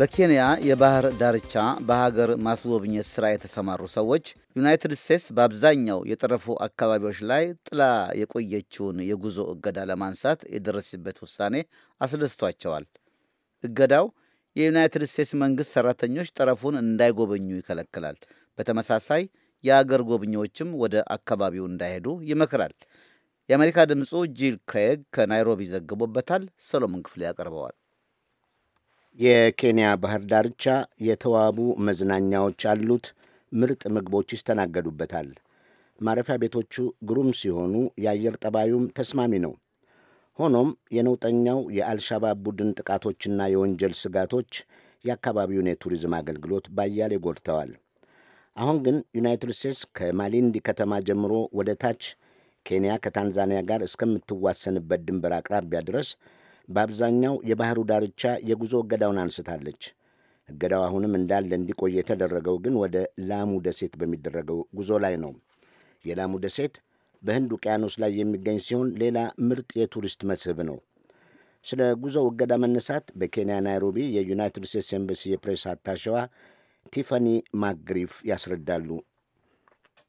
በኬንያ የባህር ዳርቻ በሀገር ማስጎብኘት ሥራ የተሰማሩ ሰዎች ዩናይትድ ስቴትስ በአብዛኛው የጠረፉ አካባቢዎች ላይ ጥላ የቆየችውን የጉዞ እገዳ ለማንሳት የደረሰበት ውሳኔ አስደስቷቸዋል። እገዳው የዩናይትድ ስቴትስ መንግሥት ሠራተኞች ጠረፉን እንዳይጎበኙ ይከለክላል። በተመሳሳይ የአገር ጎብኚዎችም ወደ አካባቢው እንዳይሄዱ ይመክራል። የአሜሪካ ድምፁ ጂል ክሬግ ከናይሮቢ ዘግቦበታል። ሰሎሞን ክፍሌ ያቀርበዋል። የኬንያ ባህር ዳርቻ የተዋቡ መዝናኛዎች አሉት፣ ምርጥ ምግቦች ይስተናገዱበታል። ማረፊያ ቤቶቹ ግሩም ሲሆኑ የአየር ጠባዩም ተስማሚ ነው። ሆኖም የነውጠኛው የአልሻባብ ቡድን ጥቃቶችና የወንጀል ስጋቶች የአካባቢውን የቱሪዝም አገልግሎት ባያሌ ጎድተዋል። አሁን ግን ዩናይትድ ስቴትስ ከማሊንዲ ከተማ ጀምሮ ወደ ታች ኬንያ ከታንዛኒያ ጋር እስከምትዋሰንበት ድንበር አቅራቢያ ድረስ በአብዛኛው የባህሩ ዳርቻ የጉዞ እገዳውን አንስታለች። እገዳው አሁንም እንዳለ እንዲቆይ የተደረገው ግን ወደ ላሙ ደሴት በሚደረገው ጉዞ ላይ ነው። የላሙ ደሴት በህንድ ውቅያኖስ ላይ የሚገኝ ሲሆን ሌላ ምርጥ የቱሪስት መስህብ ነው። ስለ ጉዞው እገዳ መነሳት በኬንያ ናይሮቢ የዩናይትድ ስቴትስ ኤምበሲ የፕሬስ አታሸዋ ቲፋኒ ማክግሪፍ ያስረዳሉ።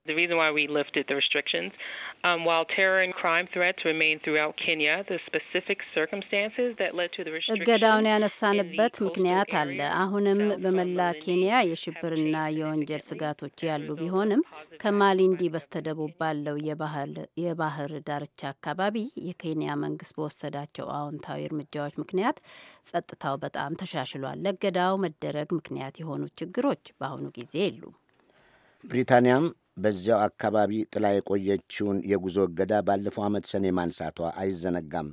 The reason why we lifted the restrictions, um, while terror and crime threats remain throughout Kenya, the specific circumstances that led to the restrictions እገዳውን ያነሳንበት ምክንያት አለ። አሁንም በመላ ኬንያ የሽብርና የወንጀል ስጋቶች ያሉ ቢሆንም ከማሊንዲ በስተደቡብ ባለው የባህር ዳርቻ አካባቢ የኬንያ መንግስት በወሰዳቸው አዎንታዊ እርምጃዎች ምክንያት ጸጥታው በጣም ተሻሽሏል። ለእገዳው መደረግ ምክንያት የሆኑ ችግሮች በአሁኑ ጊዜ የሉም። ብሪታንያም በዚያው አካባቢ ጥላ የቆየችውን የጉዞ እገዳ ባለፈው ዓመት ሰኔ ማንሳቷ አይዘነጋም።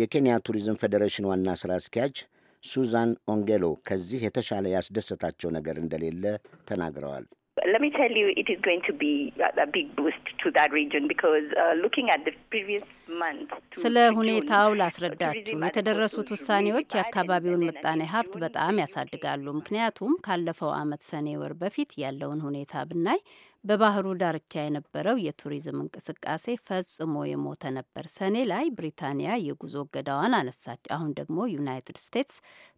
የኬንያ ቱሪዝም ፌዴሬሽን ዋና ሥራ አስኪያጅ ሱዛን ኦንጌሎ ከዚህ የተሻለ ያስደሰታቸው ነገር እንደሌለ ተናግረዋል። uh, ስለ ሁኔታው ላስረዳችሁ። የተደረሱት ውሳኔዎች የአካባቢውን ምጣኔ ሀብት በጣም ያሳድጋሉ። ምክንያቱም ካለፈው ዓመት ሰኔ ወር በፊት ያለውን ሁኔታ ብናይ በባህሩ ዳርቻ የነበረው የቱሪዝም እንቅስቃሴ ፈጽሞ የሞተ ነበር። ሰኔ ላይ ብሪታንያ የጉዞ እገዳዋን አነሳች። አሁን ደግሞ ዩናይትድ ስቴትስ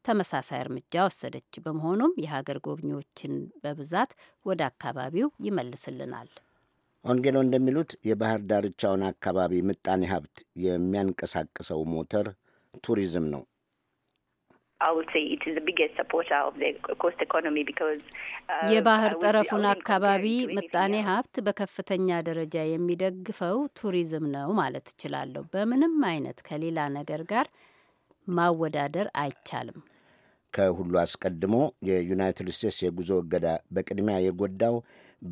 ተመሳሳይ እርምጃ ወሰደች። በመሆኑም የሀገር ጎብኚዎችን በብዛት ወደ አካባቢው ይመልስልናል። ወንጌሎ እንደሚሉት የባህር ዳርቻውን አካባቢ ምጣኔ ሀብት የሚያንቀሳቅሰው ሞተር ቱሪዝም ነው። Uh, የባህር ጠረፉን አካባቢ ምጣኔ ሀብት በከፍተኛ ደረጃ የሚደግፈው ቱሪዝም ነው ማለት እችላለሁ። በምንም አይነት ከሌላ ነገር ጋር ማወዳደር አይቻልም። ከሁሉ አስቀድሞ የዩናይትድ ስቴትስ የጉዞ እገዳ በቅድሚያ የጎዳው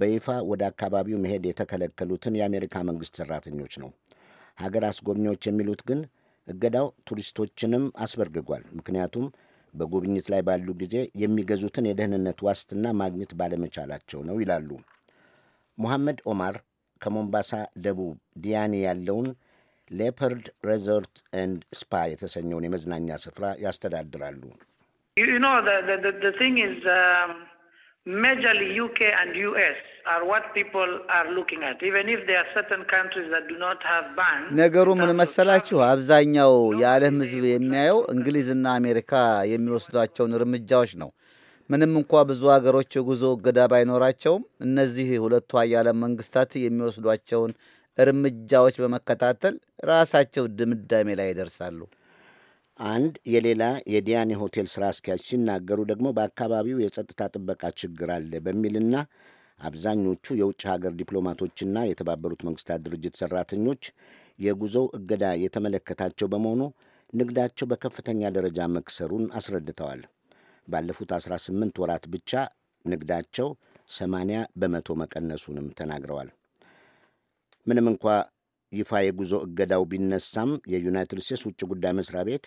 በይፋ ወደ አካባቢው መሄድ የተከለከሉትን የአሜሪካ መንግሥት ሠራተኞች ነው። ሀገር አስጎብኚዎች የሚሉት ግን እገዳው ቱሪስቶችንም አስበርግጓል። ምክንያቱም በጉብኝት ላይ ባሉ ጊዜ የሚገዙትን የደህንነት ዋስትና ማግኘት ባለመቻላቸው ነው ይላሉ። ሙሐመድ ኦማር ከሞምባሳ ደቡብ ዲያኒ ያለውን ሌፐርድ ሬዞርት ኤንድ ስፓ የተሰኘውን የመዝናኛ ስፍራ ያስተዳድራሉ። um, majorly UK and US are what people are looking at even if there are certain countries that do not have bans ነገሩ ምን መሰላችሁ አብዛኛው የዓለም ሕዝብ የሚያየው እንግሊዝና አሜሪካ የሚወስዷቸውን እርምጃዎች ነው። ምንም እንኳ ብዙ ሀገሮች የጉዞ እገዳ ባይኖራቸውም እነዚህ ሁለቱ ሀያላን መንግስታት የሚወስዷቸውን እርምጃዎች በመከታተል ራሳቸው ድምዳሜ ላይ ይደርሳሉ። አንድ የሌላ የዲያኔ ሆቴል ሥራ አስኪያጅ ሲናገሩ ደግሞ በአካባቢው የጸጥታ ጥበቃ ችግር አለ በሚልና አብዛኞቹ የውጭ ሀገር ዲፕሎማቶችና የተባበሩት መንግስታት ድርጅት ሠራተኞች የጉዞው እገዳ የተመለከታቸው በመሆኑ ንግዳቸው በከፍተኛ ደረጃ መክሰሩን አስረድተዋል። ባለፉት 18 ወራት ብቻ ንግዳቸው 80 በመቶ መቀነሱንም ተናግረዋል። ምንም እንኳ ይፋ የጉዞ እገዳው ቢነሳም የዩናይትድ ስቴትስ ውጭ ጉዳይ መስሪያ ቤት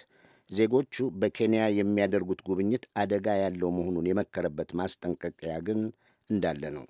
ዜጎቹ በኬንያ የሚያደርጉት ጉብኝት አደጋ ያለው መሆኑን የመከረበት ማስጠንቀቂያ ግን እንዳለ ነው።